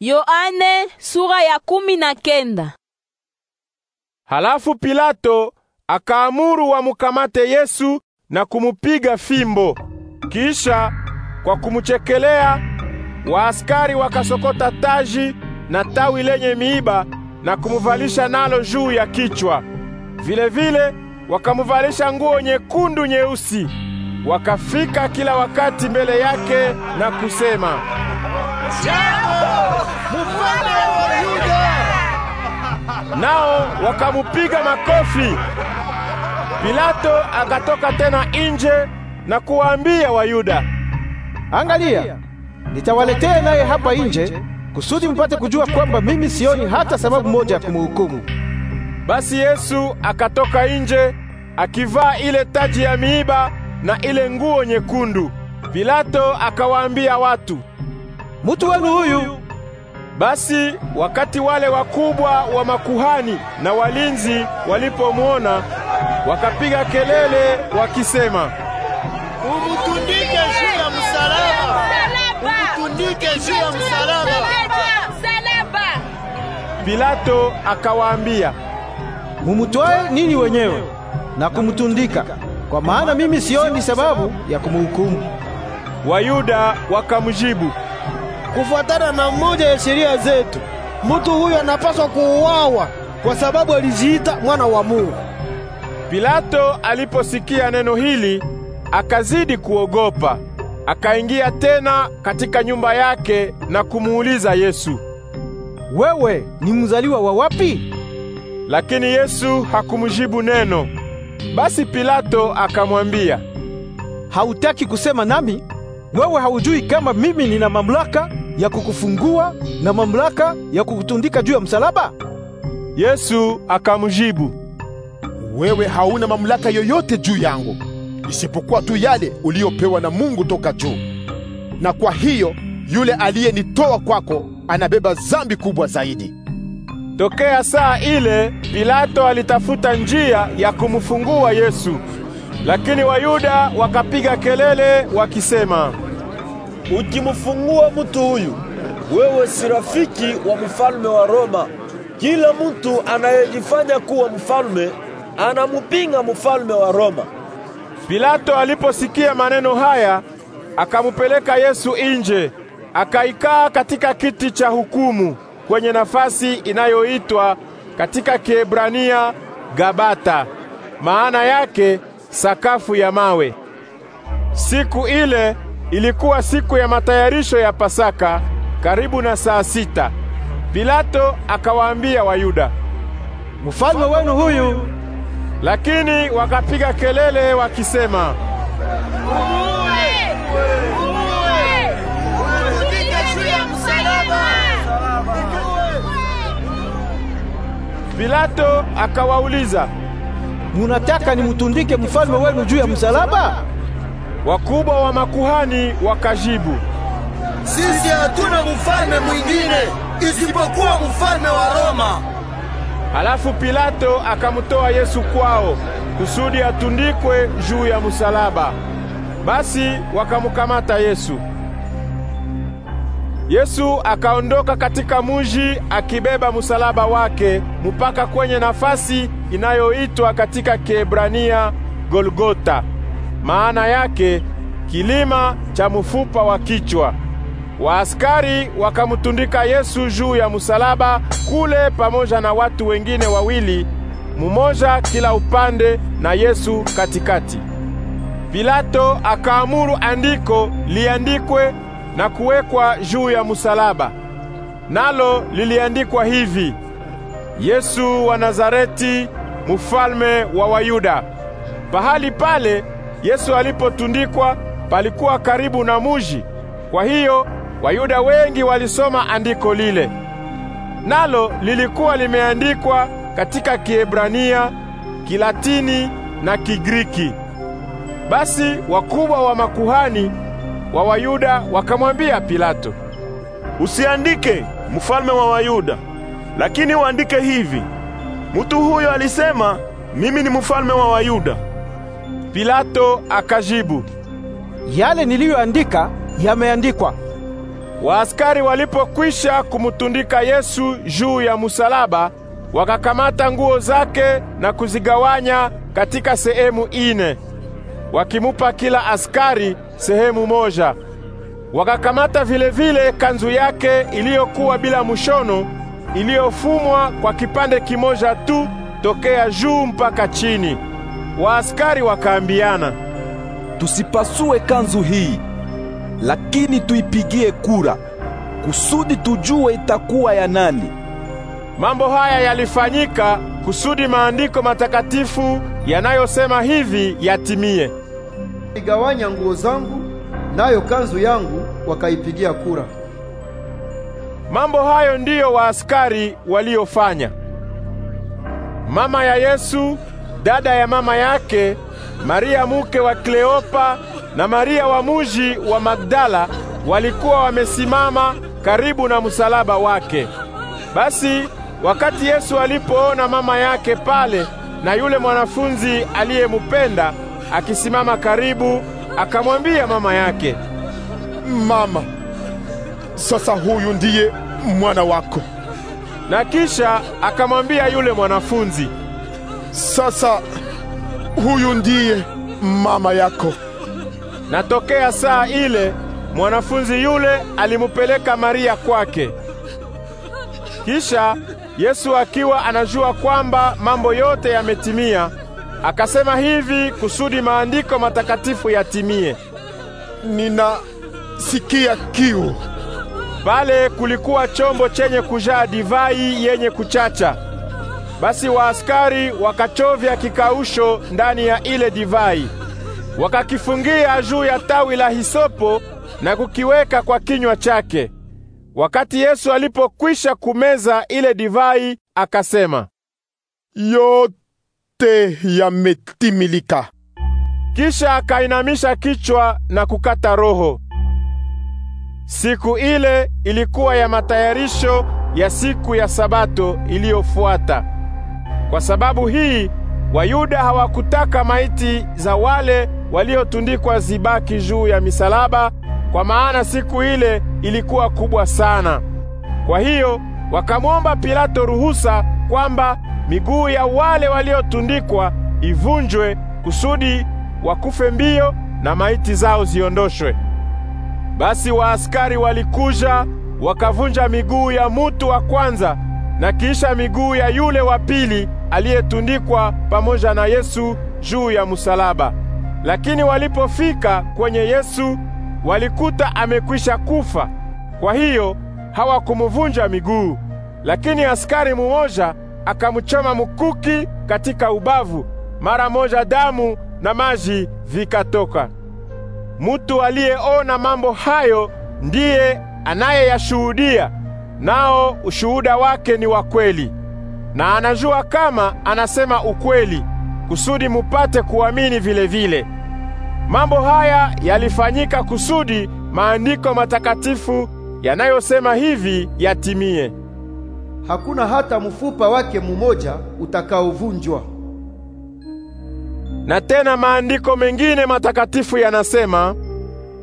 Yoane sura ya kumi na kenda. Halafu Pilato akaamuru wamukamate Yesu na kumupiga fimbo. Kisha kwa kumchekelea, waaskari wakasokota taji na tawi lenye miiba na kumuvalisha nalo juu ya kichwa. Vile vile wakamuvalisha nguo nyekundu nyeusi. Wakafika kila wakati mbele yake na kusema mfalme wa Yuda. Nao wakamupiga makofi. Pilato akatoka tena nje na kuwaambia Wayuda, angalia, nitawaletea naye hapa nje kusudi mupate kujua kwamba mimi sioni hata sababu moja ya kumuhukumu. Basi Yesu akatoka nje akivaa ile taji ya miiba na ile nguo nyekundu. Pilato akawaambia watu, mutu wenu huyu. Basi wakati wale wakubwa wa makuhani na walinzi walipomwona, wakapiga kelele wakisema, umutundike juu ya msalaba, umutundike juu ya msalaba. Pilato akawaambia, mumutwae nini wenyewe na kumutundika, kwa maana mimi sioni sababu ya kumuhukumu. Wayuda wakamjibu Kufuatana na mmoja ya sheria zetu, mtu huyo anapaswa kuuawa kwa sababu alijiita mwana wa Mungu. Pilato aliposikia neno hili, akazidi kuogopa. Akaingia tena katika nyumba yake na kumuuliza Yesu, "Wewe ni mzaliwa wa wapi?" Lakini Yesu hakumjibu neno. Basi Pilato akamwambia, "Hautaki kusema nami? Wewe haujui kama mimi nina mamlaka ya kukufungua na mamlaka ya kukutundika juu ya msalaba? Yesu akamjibu, wewe hauna mamlaka yoyote juu yangu isipokuwa tu yale uliyopewa na Mungu toka juu. Na kwa hiyo yule aliyenitoa kwako anabeba dhambi kubwa zaidi. Tokea saa ile Pilato alitafuta njia ya kumfungua Yesu, lakini Wayuda wakapiga kelele wakisema ukimfungua mtu huyu, wewe si rafiki wa mfalme wa Roma. Kila mtu anayejifanya kuwa mfalme anamupinga mfalme wa Roma. Pilato aliposikia maneno haya, akamupeleka Yesu nje, akaikaa katika kiti cha hukumu kwenye nafasi inayoitwa katika Kiebrania Gabata, maana yake sakafu ya mawe. Siku ile Ilikuwa siku ya matayarisho ya Pasaka, karibu na saa sita. Pilato akawaambia Wayuda, mfalme wenu huyu. Lakini wakapiga kelele wakisema, Pilato akawauliza, munataka nimutundike mfalme wenu juu ya msalaba? Wakubwa wa makuhani wakajibu, sisi hatuna mfalme mwingine isipokuwa mfalme wa Roma. Halafu Pilato akamtoa Yesu kwao kusudi atundikwe juu ya musalaba. Basi wakamkamata Yesu. Yesu akaondoka katika muji akibeba musalaba wake mpaka kwenye nafasi inayoitwa katika Kiebrania Golgota maana yake kilima cha mfupa wa kichwa. Waaskari wakamtundika Yesu juu ya musalaba kule pamoja na watu wengine wawili, mumoja kila upande na Yesu katikati. Pilato akaamuru andiko liandikwe na kuwekwa juu ya musalaba. Nalo liliandikwa hivi: Yesu wa Nazareti, mfalme wa Wayuda. Pahali pale Yesu alipotundikwa palikuwa karibu na muji. Kwa hiyo Wayuda wengi walisoma andiko lile, nalo lilikuwa limeandikwa katika Kiebrania, Kilatini na Kigiriki. Basi wakubwa wa makuhani wa Wayuda wakamwambia Pilato, usiandike mfalme wa Wayuda, lakini uandike hivi, mtu huyo alisema mimi ni mfalme wa Wayuda. Pilato akajibu, yale niliyoandika yameandikwa. Waaskari walipokwisha kumtundika Yesu juu ya musalaba, wakakamata nguo zake na kuzigawanya katika sehemu ine, wakimupa kila askari sehemu moja. Wakakamata vilevile vile kanzu yake iliyokuwa bila mushono, iliyofumwa kwa kipande kimoja tu tokea juu mpaka chini. Waaskari wakaambiana, tusipasue kanzu hii, lakini tuipigie kura kusudi tujue itakuwa ya nani. Mambo haya yalifanyika kusudi maandiko matakatifu yanayosema hivi yatimie: igawanya nguo zangu, nayo kanzu yangu wakaipigia kura. Mambo hayo ndiyo waaskari waliofanya. Mama ya Yesu dada ya mama yake Maria muke wa Kleopa na Maria wa muji wa Magdala walikuwa wamesimama karibu na msalaba wake. Basi wakati Yesu alipoona mama yake pale na yule mwanafunzi aliyemupenda akisimama karibu, akamwambia mama yake, Mama, sasa huyu ndiye mwana wako. Na kisha akamwambia yule mwanafunzi sasa huyu ndiye mama yako. natokea saa ile mwanafunzi yule alimupeleka Maria kwake. Kisha Yesu akiwa anajua kwamba mambo yote yametimia, akasema hivi kusudi maandiko matakatifu yatimie, ninasikia kiu. Pale kulikuwa chombo chenye kujaa divai yenye kuchacha. Basi waaskari wakachovya kikausho ndani ya ile divai, wakakifungia juu ya tawi la hisopo na kukiweka kwa kinywa chake. Wakati Yesu alipokwisha kumeza ile divai, akasema, yote yametimilika. Kisha akainamisha kichwa na kukata roho. Siku ile ilikuwa ya matayarisho ya siku ya Sabato iliyofuata. Kwa sababu hii Wayuda hawakutaka maiti za wale waliotundikwa zibaki juu ya misalaba, kwa maana siku ile ilikuwa kubwa sana. Kwa hiyo wakamwomba Pilato ruhusa kwamba miguu ya wale waliotundikwa ivunjwe kusudi wakufe mbio na maiti zao ziondoshwe. Basi waaskari walikuja wakavunja miguu ya mutu wa kwanza na kisha miguu ya yule wa pili aliyetundikwa pamoja na Yesu juu ya musalaba. Lakini walipofika kwenye Yesu walikuta amekwisha kufa, kwa hiyo hawakumuvunja miguu. Lakini askari mumoja akamchoma mkuki katika ubavu, mara moja damu na maji vikatoka. Mutu aliyeona mambo hayo ndiye anayeyashuhudia, nao ushuhuda wake ni wa kweli na anajua kama anasema ukweli kusudi mupate kuamini vile vile. Mambo haya yalifanyika kusudi maandiko matakatifu yanayosema hivi yatimie: hakuna hata mfupa wake mumoja utakaovunjwa. Na tena maandiko mengine matakatifu yanasema,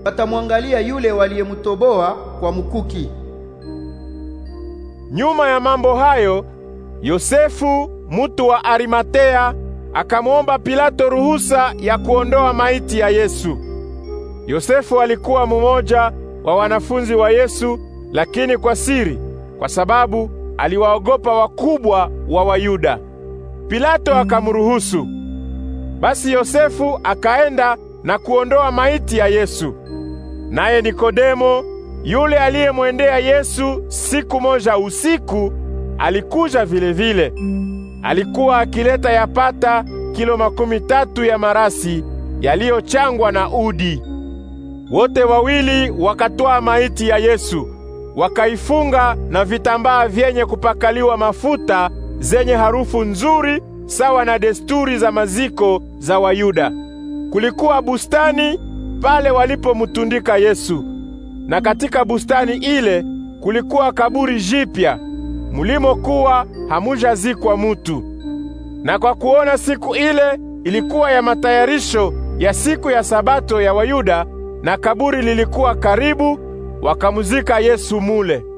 watamwangalia yule waliyemtoboa kwa mkuki. Nyuma ya mambo hayo Yosefu mutu wa Arimatea akamwomba Pilato ruhusa ya kuondoa maiti ya Yesu. Yosefu alikuwa mumoja wa wanafunzi wa Yesu, lakini kwa siri, kwa sababu aliwaogopa wakubwa wa Wayuda. Pilato akamruhusu. Basi Yosefu akaenda na kuondoa maiti ya Yesu. Naye Nikodemo, yule aliyemwendea Yesu siku moja usiku, alikuja vilevile vile. Alikuwa akileta yapata kilo makumi tatu ya marasi yaliyochangwa na udi. Wote wawili wakatoa maiti ya Yesu, wakaifunga na vitambaa vyenye kupakaliwa mafuta zenye harufu nzuri sawa na desturi za maziko za Wayuda. Kulikuwa bustani pale walipomtundika Yesu, na katika bustani ile kulikuwa kaburi jipya mulimokuwa hamujazikwa mutu. Na kwa kuona siku ile ilikuwa ya matayarisho ya siku ya sabato ya Wayuda na kaburi lilikuwa karibu, wakamuzika Yesu mule.